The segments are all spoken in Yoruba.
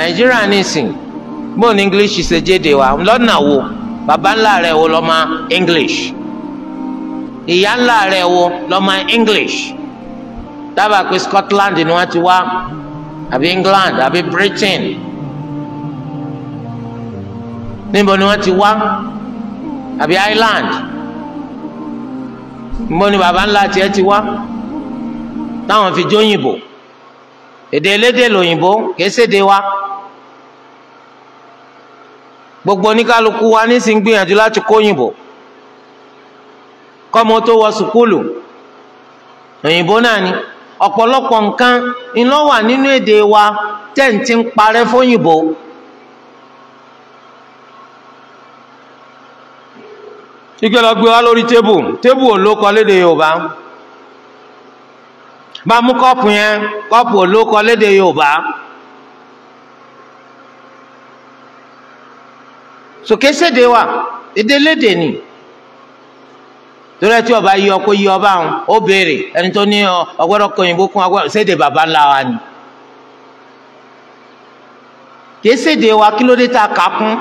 nigeria nìsín bóun ní english ṣe jéde wa lọ́nà wo baba ńlá rẹ̀ wo lọ́mọ english ìyá ńlá rẹ̀ wo lọ́mọ english dábàá pé scotland ni wọ́n ti wá àbí england àbí britain níbo ni wọ́n ti wá àbí ireland níbo ni baba ńlá tiẹ̀ ti wá táwọn fi jóyìnbó èdè elédè lòyìnbó kìí ṣèdè wa. gbogbo oníkálukú wa nísìn gbìyànjú láti kóyìnbó kọ́mọ tó wọ sùkúlù òyìnbó náà ni ọ̀pọ̀lọpọ̀ nǹkan iná wà nínú èdè wa tẹ́ǹtì ń parẹ́ fóyìnbó. ike lọ gbé wa lórí tébù tébù olókọ lédè Yorùbá bá mú kọ́ọ̀pù yẹn kọ́ọ̀pù olókọ lédè Yorùbá. sòkè séde wa èdè léde ni torí ẹ tí ọba yọ kó yọ ọba àwọn ó béèrè ẹni tó ní ọgbọ́dọ̀ kọyìnbó kún ọgbọ́dọ̀ séde baba ńlá wa ni kì wa kí ló kà kún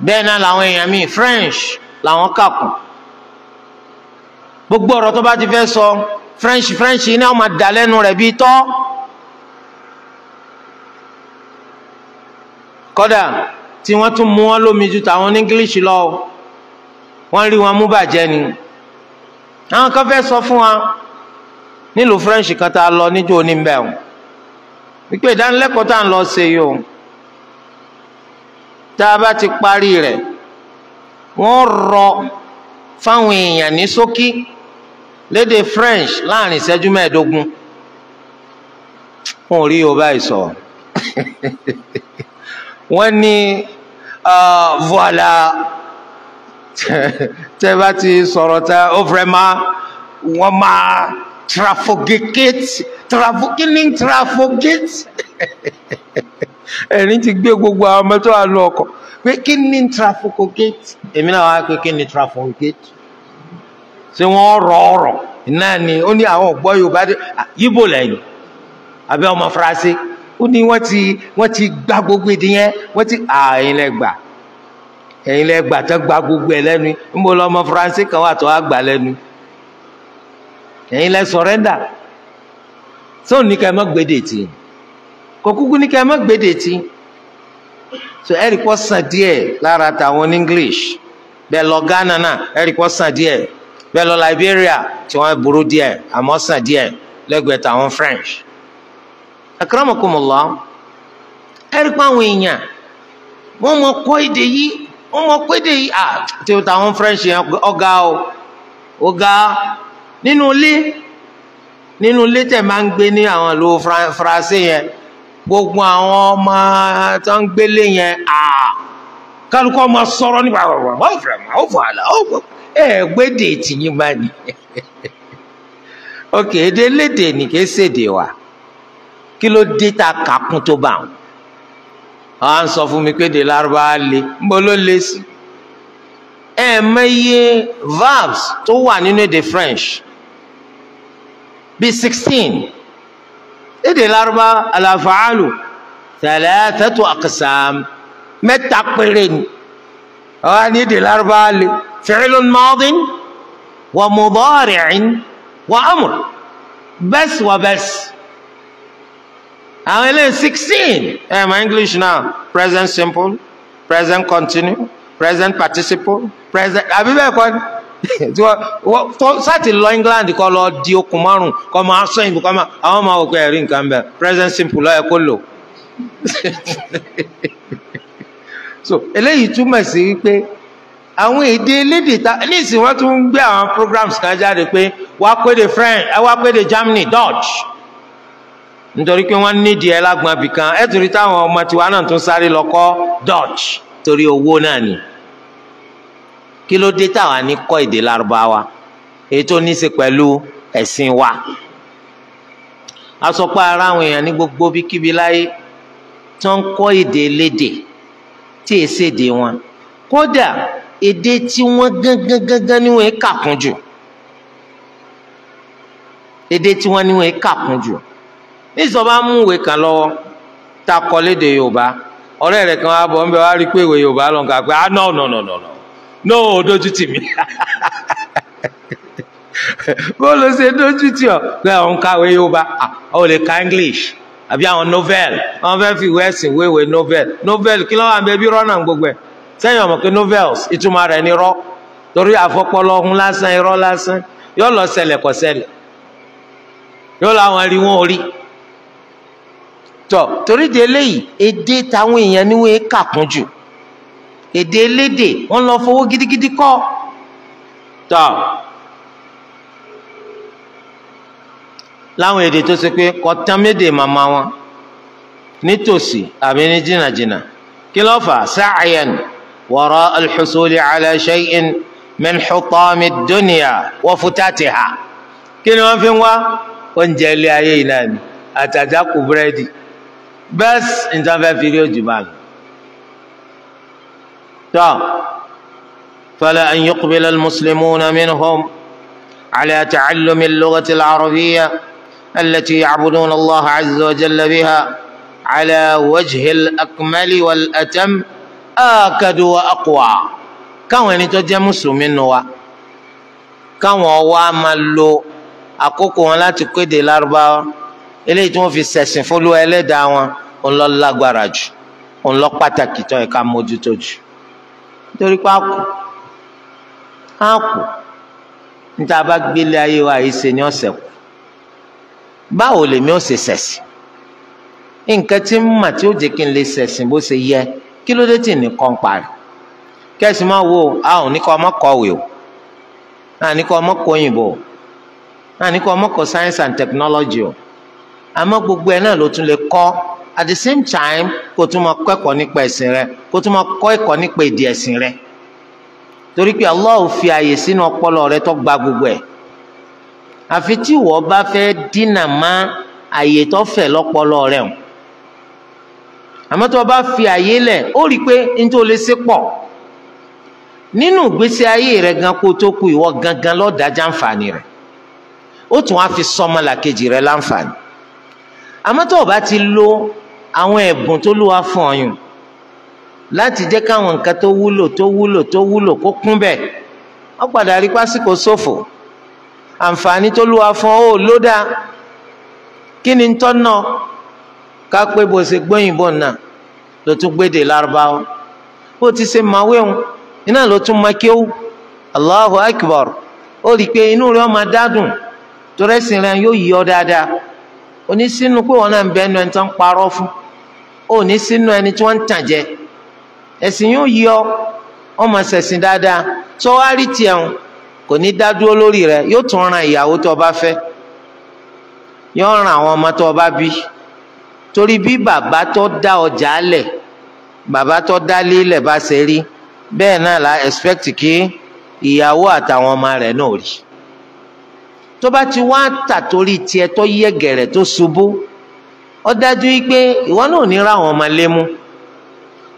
bẹ́ẹ̀ náà làwọn èèyàn míì French làwọn kà kún gbogbo ọ̀rọ̀ tó bá ti fẹ́ sọ French French iná ọmọ dà lẹ́nu rẹ̀ bíi tọ́. kódà tí wọ́n tún mú wọn lómi ju tàwọn ní english lọ wọ́n rí wọn mú bàjẹ́ ni àwọn kan fẹ́ sọ fún wa nílùú french kan tá a lọ níjó oníbẹ̀ o wípé ìdánilẹ́kọ̀ọ́ tá à ń lọ ṣe yìí o tá a bá ti parí rẹ̀ wọ́n rọ fáwọn èèyàn ní ṣókí lédè french láàrin ìṣẹ́jú mẹ́ẹ̀ẹ́dógún wọn ò rí yorùbá ìsọ wọ́n ní ah, vọ́lá tẹ́ bá ti sọ̀rọ̀ tẹ́ ó fẹ́ máa wọ́n máa trafogate trafogate trafogate ẹ̀rín ti gbé gbogbo àwọn ọmọ tó wà lọ ọkọ̀ pé kí ni trafogate èmi náà wá pé kí ni trafogate ṣé wọ́n rọ ọ̀rọ̀ náà ni ó ní àwọn ọ̀gbọ́ Yorùbá Yíbò ah, lẹ́yìn àbí ọmọ Faransé ó ní wọ́n ti wọ́n ti gba gbogbo ìdí yẹn wọ́n ti àyìn lẹ́gbàá ẹ̀yin lẹ gbà tán gba gbogbo ẹ̀ lẹ́nu níbo lọ ọmọ faransé kan wà tó wà gbà lẹ́nu ẹ̀yin lẹ sọ̀rẹ́ndà sóò ní ká ẹ má gbédè tì kò kúkú ní ká ẹ má gbédè tì so ẹ̀rì kọ́ sàn díẹ̀ lára tàwọn ní english bẹ́ẹ̀ lọ ghana náà ẹ̀rì kọ́ sàn díẹ̀ bẹ́ẹ̀ lọ liberia tí wọ́n burú díẹ̀ àmọ́ sàn díẹ̀ lẹ́gbẹ̀ẹ́ tàwọn french. akramakumullah ẹ̀rí pa àwọn èèyàn wọ́n mọ kọ́ èdè yìí wọ́n mọ kọ́ èdè yìí ah tí o tàwọn french yẹn ọ̀gá o ọ̀gá nínú ilé nínú ilé tẹ̀ máa ń gbé ní àwọn ìlú faransé yẹn gbogbo àwọn ọmọ tó ń gbélé yẹn ah kálukọ́ ọmọ sọ̀rọ̀ nípa ọ̀rọ̀ ọ̀ fẹ́ ọ̀ fọ àlà ọ̀ fọ ẹ̀ gbédè tìyín bá ní ok èdè lédè nìké sèdè wa kí ló dé tá a kà kún tó bá wọn. wọn á sọ fún mi pé de lárúbáwá le ń bọ ló le sí. ẹ mẹ́yẹ verbs tó wà nínú èdè French bíi sixteen èdè lárúbáwá àlàfàálù thalathatu aqsam mẹ́ta péré ni wọn ní èdè lárúbáwá le fi'lun madin wa mudari'in wa amr bas wa bas àwọn eléyìí sixteen ẹ̀ English now. present simple present continue present participle present àbí bẹ́ẹ̀ kọ́ ni tí wọ́n sáàtì lọ England kọ́ lọ di okùn márùn kọ́ máa sọ ìbò kọ́ máa àwọn máa wò pé ẹ̀rí nǹkan bẹ́ẹ̀ present simple lọ́yẹ̀ kó lò so eléyìí túmọ̀ sí wípé àwọn èdè elédè ta nísìnyí wọ́n tún ń gbé àwọn programs kan jáde pé wàá pé de French wàá pé de Germany Dutch nítorí pé wọ́n nídìí ẹ lágbọn abìkan ẹ torí táwọn ọmọ tiwa náà tún sáré lọ kọ́ Dutch torí owó náà ni kí ló dé táwa ní kọ́ èdè Lárúbáwá èyí tó ní í ṣe pẹ̀lú ẹ̀sìn wa asọpọ ara àwọn èèyàn ní gbogbo bíkíbi láyé tó ń kọ́ èdè lédè tí è ṣèdè wọn kódà èdè tí wọ́n gángan ni wọ́n kà kún jù èdè tí wọ́n ní wọ́n kà kún jù nísìnyí bá mú ìwé kan lọ́wọ́ tá a kọ léde yorùbá ọ̀rẹ́ rẹ̀ kan wá bọ̀ ń bẹ wá rí pé ìwé yorùbá lọ́n kà pé ah no no no no no no dojú tì mí bó ló ṣe dojú tì ọ pé òun kàwé yorùbá ó lè ka english àbí àwọn novel wọn fẹ́ fi ìwé ẹ̀sìn wéwèé novel novel kí ló wà ń bẹ bí rọ́nà gbogbo ẹ̀ sẹ́yìn ọmọ pé novels ìtumọ̀ rẹ̀ ni rọ́ torí àfọpọlọ ọ̀hún lásán irọ́ lásán yóò lọ ṣẹlẹ̀ kọ́ ṣẹlẹ̀ yóò lọ àwọn ẹ̀rí wọn orí tọ torí de eléyìí èdè táwọn èèyàn ni wọn kà kún jù èdè elédè wọn lọ fowó gidigidi kọ tọ láwọn èdè tó ṣe pé kọtán méde màmá wọn nítòsí àbí ní jìnnàjìnnà kí ló fà sa'yan wara al-husuli ala shay'in min hutami ad kí ni wọn fi ń wá oúnjẹ ilé ayé yìí náà ni àtàjà kù búrẹ́dì بس انت فيديو جبال تا فلا ان يقبل المسلمون منهم على تعلم اللغه العربيه التي يعبدون الله عز وجل بها على وجه الاكمل والاتم اكد واقوى كان انت جاء مسلمين نوى كان هو ما لو اكو كون لا تكدي الاربعه eléyìí tí wọ́n fi ṣẹ̀sìn fún olúwa ẹlẹ́dàá wọn òun lọ lágbára jù òun lọ pàtàkì tó yẹ ká mójútó jù nítorí pé àkù àkù níta bá gbélé ayé wa yìí ṣe ni ọ̀sẹ̀ kù báwo lèmi ò ṣe ṣẹ̀sìn nǹkan tí ń mà tí ó jẹ́ kí n lè ṣẹ̀sìn bó ṣe yẹ kí ló dé tì ní kàn parí kẹ́sì máa wo a ò ní kọ́ ọmọ kọ̀wé o a ní kọ́ òyìnbó o a ní science and technology o. àmọ́ gbogbo ẹ̀ náà ló tún lè kọ́ at the same time kó tún máa kọ́ ẹ̀kọ́ nípa ẹ̀sìn rẹ kó tún máa kọ́ ẹ̀kọ́ nípa èdè ẹ̀sìn rẹ torí pé Allah fi àyè sínú ọpọlọ rẹ tó gba gbogbo ẹ̀ àfi tí ìwọ bá fẹ́ dínà má àyè tó fẹ̀ lọ́pọlọ rẹ o àmọ́ tó o bá fi àyè lẹ̀ ó rí i pé n tó lè ṣe pọ̀ nínú ìgbésí ayé rẹ gan kó tó kú ìwọ gangan lọ́ọ́ dájà rẹ ó tún á fi sọmọlàkejì rẹ láǹfààní. àmọ́ tó o bá ti lo àwọn ẹ̀bùn tó lùwà fún ọyàn láti jẹ́ káwọn nǹkan tó wúlò tó wúlò tó wúlò kó kún bẹ́ẹ̀ wọ́n padà rí pásíkò ṣòfò àǹfààní tó lùwà fún ọ ló dáa kí ni tọ́nà ká pé bó ṣe gbóyìnbó náà ló tún gbédè lárúbáwá bó ti ṣe màwé òun iná ló tún máa kéwú Allahu Akbar ó rí i pé inú rẹ̀ ọmọ dádùn tó rẹ̀ yóò yí ọ dáadáa òní sínú pé wọn náà ń bẹ ẹnu ẹni tó ń parọ́ fún òní sínú ẹni tí wọ́n ń tàn jẹ ẹ̀sìn yóò yí ọ wọ́n máa ṣẹ̀sìn dáadáa tó wá rí tiẹ̀ ń kò ní dá dúró lórí rẹ̀ yóò tún ran ìyàwó tó o bá fẹ́ yóò ran àwọn ọmọ tó o bá bí torí bí bàbá tó dá ọjà lẹ̀ bàbá tó dá lílẹ̀ bá ṣe rí bẹ́ẹ̀ náà la expect kí ìyàwó àtàwọn ọmọ rẹ̀ náà rí. tó bá ti wá tà torí tiẹ̀ tó yẹ gẹ̀rẹ̀ tó ṣubú Ọ dájú pé ìwọ náà ní ra àwọn ọmọ lé mú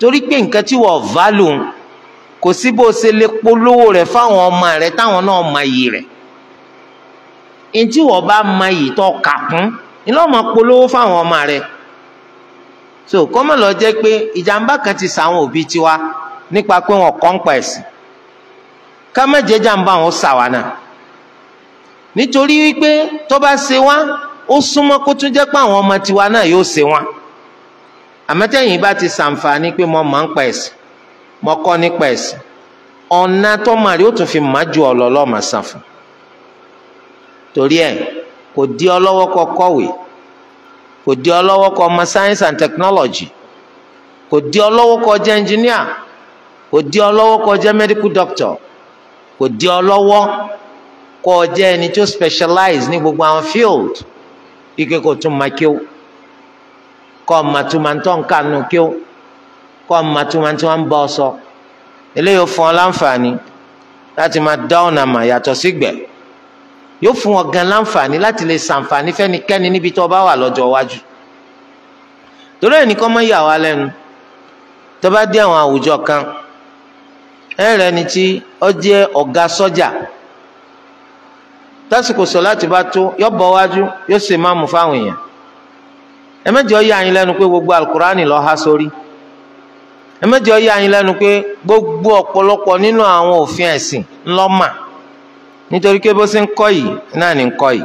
torí pé nǹkan tí wọ́n válù kò sí bó ṣe lè polówó rẹ̀ fáwọn ọmọ rẹ̀ táwọn náà mọ iyì rẹ̀ ntí wọ́n bá mọ iyì tó kà kún iná ọmọ polówó fáwọn ọmọ rẹ̀ so kọ́mọ̀ lọ jẹ́ pé ìjàmbá kan ti sàwọn òbí tiwa nípa pé wọn kọ́ ń pa ẹ̀sìn ká má jẹ́ jàmbá wọn sàwa nítorí wípé tó bá ṣe wá ó súnmọ́ kó tún jẹ́ pé àwọn ọmọ tiwa náà yóò ṣe wá àmọ́tẹ́yìn bá ti ṣàǹfààní pé mo máa ń pa ẹ̀sìn mo kọ́ nípa ẹ̀sìn ọ̀nà tó mà rí ó tún fi má ju ọ̀lọ́lọ́ mà sàn fún torí ẹ̀ kò di ọlọ́wọ́ kọ kọ̀wé kò di ọlọ́wọ́ kọ ọmọ science and technology kò di ọlọ́wọ́ kọ jẹ́ engineer kò di ọlọ́wọ́ kọ jẹ́ medical doctor kò di ọlọ́wọ́ kọ́ ọ ẹni tó specialize ní gbogbo àwọn field ike kò tún ma kíw kọ́ ọ ma tún ma tọ́ nǹkan nù kíw kọ́ ma tún ma tún ma ń bọ́ ọ sọ eléyìí ó fún ọ láǹfààní láti máa dá ọ̀nà mà yàtọ̀ sígbẹ̀ yóò fún ọ gan láǹfààní láti lè ṣàǹfààní fẹ́nikẹ́ni níbi tó bá wà lọ́jọ́ iwájú torí ẹnì kan máa yà wá lẹ́nu tó bá dé àwọn àwùjọ kan ẹ̀rẹ́ ni tí ó jẹ́ ọ̀gá sọ́jà tásìkò sọ̀láàtì bá tó yọ bọ́ wájú yóò ṣe máa mú fáwọn èèyàn ẹ má jẹ́ ó yà yín lẹ́nu pé gbogbo alukurani ló há sórí ẹ má jẹ́ ó yà yín lẹ́nu pé gbogbo ọ̀pọ̀lọpọ̀ nínú àwọn òfin ẹ̀sìn ńlọ́mà nítorí pé bó ṣe ń kọ́ yìí náà ní ń kọ́ yìí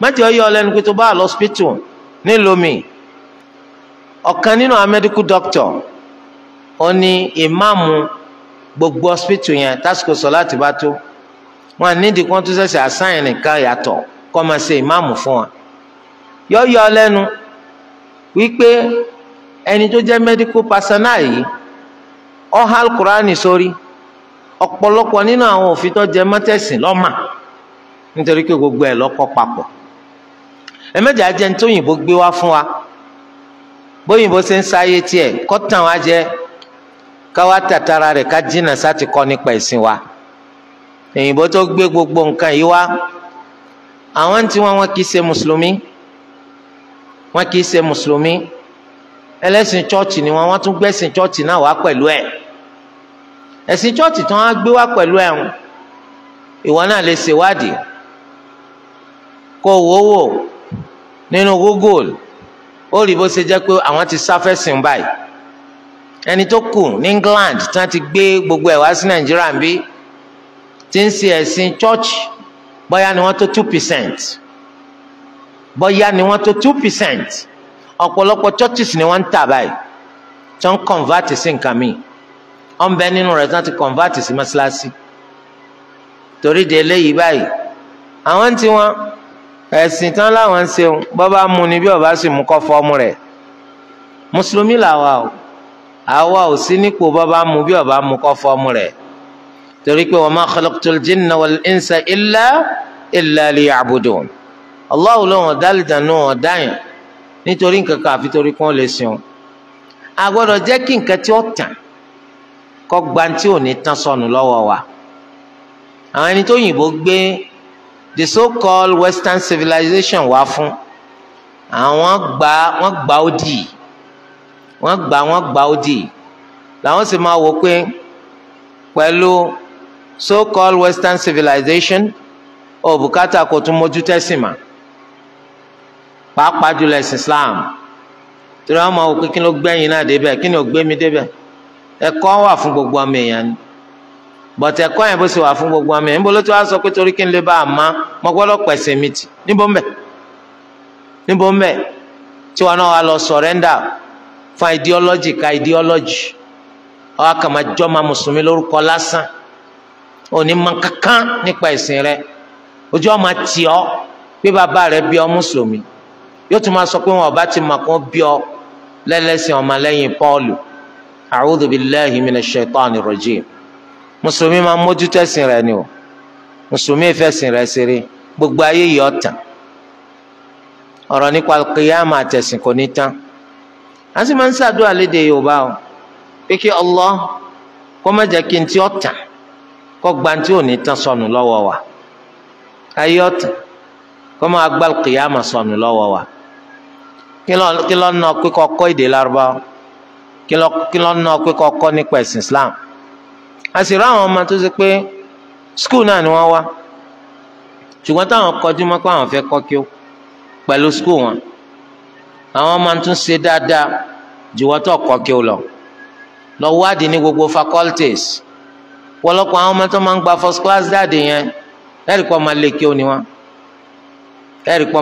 má jẹ́ ó yà ọ́ pé tó bá lọ hospital nílùú mi ọ̀kan nínú àwọn medical doctor ó ní ìmáàmù gbogbo hospital yẹn tásìkò sọ̀láàtì bá tó wọn nídìí kan tó ṣẹ̀ṣẹ̀ àṣàyàn nìkan yàtọ̀ kọ́ máa ṣe ìmáàmù fún wa yọ́yọ́ lẹ́nu wípé ẹni tó jẹ́ medical yi, yìí ó há sórí ọ̀pọ̀lọpọ̀ nínú àwọn òfin tó jẹ ike gbogbo ẹ̀ lọ́kọ́ papọ ẹ̀mẹ́jà jẹ́ ní tóyìnbó gbé wá wa bóyìnbó ṣe ń sáyé wa tàtàrà ká jìnnà nípa wa. èyìnbó tó gbé gbogbo nǹkan yìí wá àwọn tí wọn wọn kì í ṣe mùsùlùmí wọn kì í ṣe mùsùlùmí ẹlẹ́sìn chọ́ọ̀chì ni wọn wọ́n tún gbẹ́sìn chọ́ọ̀chì náà wá pẹ̀lú ẹ̀ ẹ̀sìn chọ́ọ̀chì tí wọ́n gbé wá pẹ̀lú ẹ̀ ìwọ náà lè ṣèwádìí kó wò wò nínú Google ó rí bó ṣe jẹ́ pé àwọn ti sáfẹ́sìn báyìí ẹni tó kù ní England tí wọ́n ti gbé gbogbo ẹ̀ wá sí Nàìjíríà ń bí tí ń ṣe ẹ̀sìn chọ́ọ̀chì bóyá ni wọ́n tó two percent bóyá ni wọ́n tó two percent ọ̀pọ̀lọpọ̀ churches ni wọ́n ń tà báyìí tí ń convert sí nǹkan míì wọ́n ń nínú rẹ̀ tí wọ́n ti convert sí mọ́ṣáláṣí torí de eléyìí báyìí àwọn tí wọ́n ẹ̀sìn tán láwọn ń ṣeun bọ́ bá mu ni bí ọba sì mú kọ́ fọ́ọ̀mù rẹ̀ mùsùlùmí làwa o àwa ò sí nípò bọ́ mu bí ọba mú kọ́ fọ́ọ̀mù rẹ̀ torí pé wa ma khalaqtul jinna wal insa illa illa liya'budun Allahu lọ́wọ́ dálìdà náà ọ̀dáyàn nítorí nǹkan kan àfi torí kán lè sìn a gbọ́dọ̀ jẹ́ kí nǹkan tí ó tàn kọ́ gba ò ní tán sọnù lọ́wọ́ wa àwọn ẹni tó yìnbó gbé the so called western civilization wá fún àwọn gbà wọ́n gbà ó dì wọ́n gbà wọ́n gbà ó dì làwọn sì máa wò pé pẹ̀lú. so-called western civilization ó bùkátà pàápàá jùlọ islam tí wọ́n máa wò ogbe kí na gbẹ̀yìn ẹ̀kọ́ wà fún gbogbo ọmọ èèyàn ni bọ̀tẹ̀ ẹ̀kọ́ yẹn bó wà fún gbogbo ọmọ èèyàn níbo ló ti wá sọ pé torí kí n lè bá a gbọ́dọ̀ mi tì níbo níbo wà lọ fún ideology ka ideology òní mọ kankan nípa ẹ̀sìn rẹ ojú ọmọ tì ọ pé bàbá rẹ bí ọ mùsùlùmí yóò tún máa sọ pé wọn ọba ti mọ kó bí ọ lẹ́lẹ́sìn ọmọlẹ́yìn Pọ́ọ̀lù a'udhu billahi minash shaitani rajim mùsùlùmí máa mójútó ẹ̀sìn rẹ ni o mùsùlùmí ìfẹsìn rẹ ṣeré gbogbo ayé yìí ọ̀tàn ọ̀rọ̀ nípa kíyàmà àtẹ̀sìn kò ní tán a máa ń ṣàdúrà léde Yorùbá o pé kí Allah kó má kí n ti ọ̀tàn kọ́ gbanti òní tán sọnù lọ́wọ́ wa ayé ọ̀tàn kọ́ máa gbá kìyàmà sọnù lọ́wọ́ wa kí lọ́ nà pé kọ́ kọ́ èdè Lárúbáwá kí lọ́ kọ́ nípa ẹ̀sìn Islam a sì rá àwọn ọmọ tó ṣe pé skul náà ni wọ́n wá ṣùgbọ́n táwọn kọjú mọ́ pé àwọn fẹ́ kọ́ kí ó pẹ̀lú skul wọn àwọn ọmọ tó ń ṣe dáadáa jùwọ́ tó kọ́ kí ó lọ lọ wádìí ní gbogbo faculties pọ̀lọpọ̀ àwọn ọmọ tó máa ń gba first class jáde yẹn ẹ̀rì pọ̀ máa wọn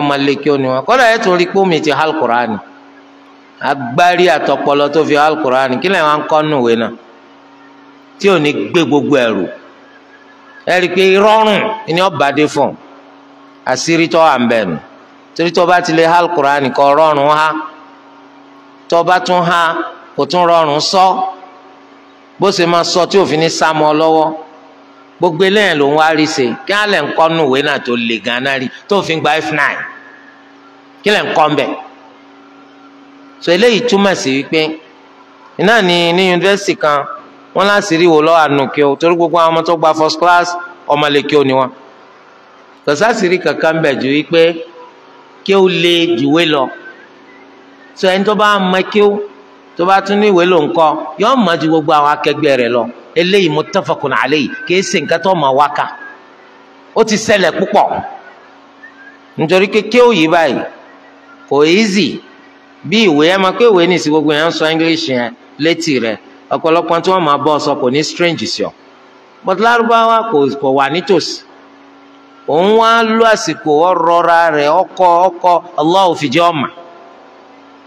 máa wọn kọ́dà ẹ̀ tún rí pómi ti alukurani agbárí àtọpọlọ tó fi alukurani kí lẹ́yìn wọn kọ́ nùwé náà tí gbogbo pé rọrùn ni ọba dé fún àṣírí tó wà rọrùn ha tó bá tún ha kò tún rọrùn So bó ṣe máa sọ tí òfin ní sámọ lọ́wọ́ gbogbo eléyàn ló ń wá rí ṣe kí á lè ń kọ́ nùwé náà tó le ganan rí tó fi gba f9 kí lè ń kọ́ ń sọ eléyìí túmọ̀ sí wípé iná ni ní yunifásitì kan wọ́n láti rí wo lọ́wọ́ ànùkí o torí gbogbo àwọn ọmọ tó gba first class ọmọlẹ́kí o ni wọ́n. kòsásìrí kankan ń bẹ̀ ju wípé kí ó le jùwé lọ sọ ẹni tó bá mọ kí ó. tó bá tún ní ìwé ló ń gbogbo àwọn akẹgbẹ́ lọ. lọ eléyìí muttafaqun alayhi ka ṣe nǹkan tó mọ wákà ó ti ṣẹlẹ̀ púpọ̀ nítorí kéké òyì báyìí kò easy bí ìwé ẹ máa pé ìwé gbogbo yẹn ń sọ english yẹn létí rẹ̀ ọ̀pọ̀lọpọ̀ tí wọ́n strange but lárúbáwá kò wà nítòsí òun wá lọ àsìkò ọkọ ọkọ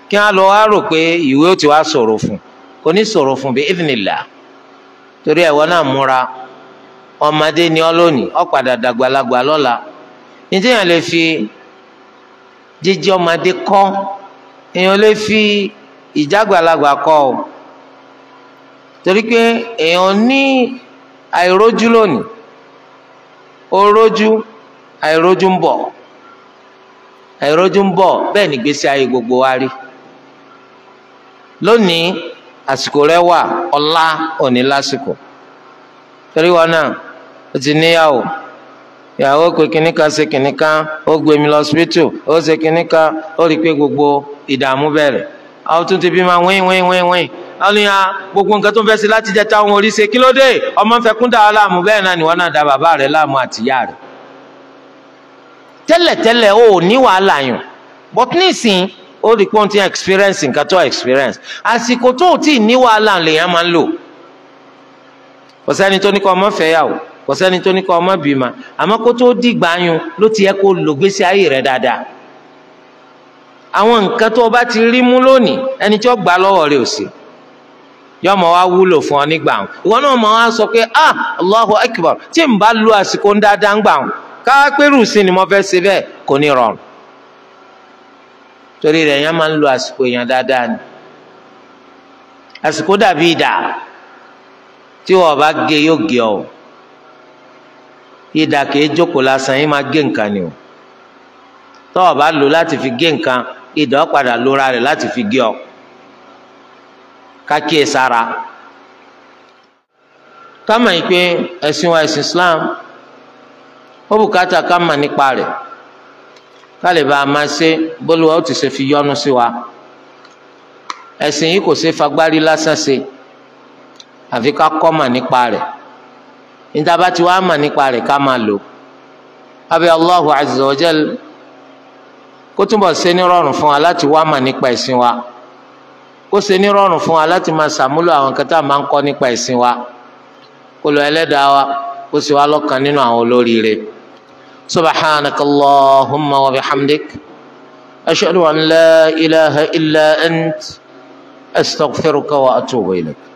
kí wọn lọ wá rò pé ìwé ó ti wá sọ̀rọ̀ fún kò ní sọrọ fún bí ìdìnnìlà torí ẹ̀wọ́ náà múra ọmọdé ni ọ lónìí ọ padà dàgbàlagbà lọ́la nítorí yẹn lè fi jíjí ọmọdé kọ́ èèyàn lè fi ìjàgbàlagbà kọ́ ọ torí pé èèyàn ní àìrójú lónìí orójú àìrójú ń bọ̀ àìrójú ń bọ̀ bẹ́ẹ̀ ni gbèsè ayé gbogbo wa rí. lónìí àsìkò rẹ wà ọ̀la òní lásìkò torí wọn náà o ti níyàwó ìyàwó pé kìnnì kan ṣe kìnnì kan ó gbé mi lọ sípítù ó ṣe kìnnì kan ó rí i pé gbogbo ìdààmú bẹ̀rẹ̀ àwọn tún ti bí ma wín wín wín wín ọlọ́yà gbogbo nǹkan tó ń fẹ́ sí láti jẹ táwọn orí ṣe kí ló dé ọmọ ń fẹ́ kún dà á láàmú bẹ́ẹ̀ náà ni wọ́n náà da bàbá rẹ̀ láàmú àtìyá rẹ̀ tẹ́lẹ̀tẹ́lẹ̀ ó ní wàhálà yàn bọ́tún nísìnyí ó rí pé ti experience nǹkan tó experience àsìkò tó ò ní wàhálà lèèyàn máa ń lò kò sẹ́ni tó ní kọ́ ọmọ fẹ́ yà o kò sẹ́ni tó ní kọ́ ọmọ bímọ àmọ́ kó tó dìgbà yun ló ti yẹ kó lò gbèsè ayé rẹ̀ dáadáa àwọn nǹkan tó o bá ti rí mú lónìí ẹni tí ó gbà lọ́wọ́ rẹ̀ ò sí yọ ọmọ wa wúlò fún ọ nígbà wọn ìwọ náà mọ wọn sọ pé ah Allahu Akbar tí n bá lo àsìkò ń dáadáa ń gbà wọn káwá pẹ́rù sí ni mo fẹ́ ṣe bẹ́ẹ̀ kò ní rọrùn torí rẹ̀ yẹn máa ń lo àsìkò èèyàn dáadáa ni àsìkò dàbí idà tí wọn bá gé yóò gé ọ idà kìí jókòó lásán yìí máa gé nǹkan ni o tó o bá lò láti fi gé nǹkan idà padà lóra rẹ̀ láti fi gé ọ kákíyè sára ká mọ̀ yìí pé ẹ̀sìn wa ẹ̀sìn Islam ó bùkátà ká mọ̀ nípa rẹ̀ kálí bá a máa ṣe bólúwa ó ti ṣe fi yọ́nú sí wa ẹ̀sìn yìí kò ṣe fagbárí lásán ṣe àfi ká kọ́ mà nípa rẹ̀ níta bá ti wá mà nípa rẹ̀ ká máa lò abẹ́ Allahu azza wa jal kó túbọ̀ ṣe ní rọrùn fún wa láti wá mà nípa ẹ̀sìn wa kó ṣe ní rọrùn fún wa láti máa ṣàmúlò àwọn kan tá a máa ń kọ́ nípa ẹ̀sìn wa kó lọ ẹlẹ́dàá wa kó ṣe wá lọ́kàn nínú àwọn olóríire. سبحانك اللهم وبحمدك أشهد أن لا إله إلا أنت أستغفرك وأتوب إليك